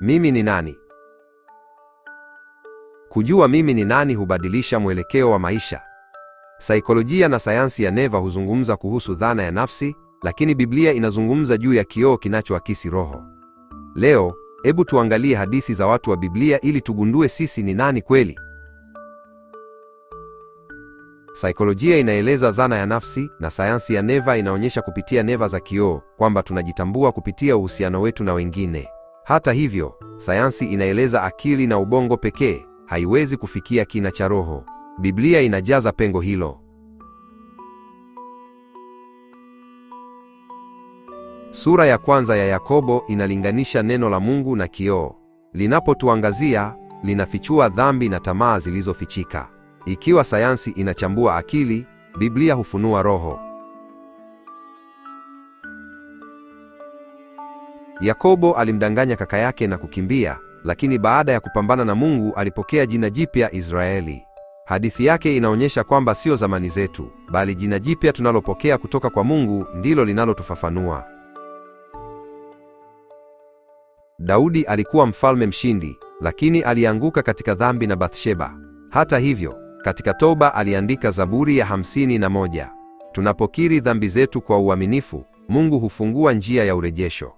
Mimi ni nani? Kujua mimi ni nani hubadilisha mwelekeo wa maisha. Saikolojia na sayansi ya neva huzungumza kuhusu dhana ya nafsi, lakini Biblia inazungumza juu ya kioo kinachoakisi roho. Leo, hebu tuangalie hadithi za watu wa Biblia ili tugundue sisi ni nani kweli. Saikolojia inaeleza dhana ya nafsi na sayansi ya neva inaonyesha kupitia neva za kioo kwamba tunajitambua kupitia uhusiano wetu na wengine. Hata hivyo, sayansi inaeleza akili na ubongo pekee haiwezi kufikia kina cha roho. Biblia inajaza pengo hilo. Sura ya kwanza ya Yakobo inalinganisha neno la Mungu na kioo. Linapotuangazia, linafichua dhambi na tamaa zilizofichika. Ikiwa sayansi inachambua akili, Biblia hufunua roho. Yakobo alimdanganya kaka yake na kukimbia, lakini baada ya kupambana na Mungu alipokea jina jipya Israeli. Hadithi yake inaonyesha kwamba sio zamani zetu, bali jina jipya tunalopokea kutoka kwa Mungu ndilo linalotufafanua. Daudi alikuwa mfalme mshindi, lakini alianguka katika dhambi na Bathsheba. Hata hivyo, katika toba aliandika Zaburi ya hamsini na moja. Tunapokiri dhambi zetu kwa uaminifu, Mungu hufungua njia ya urejesho.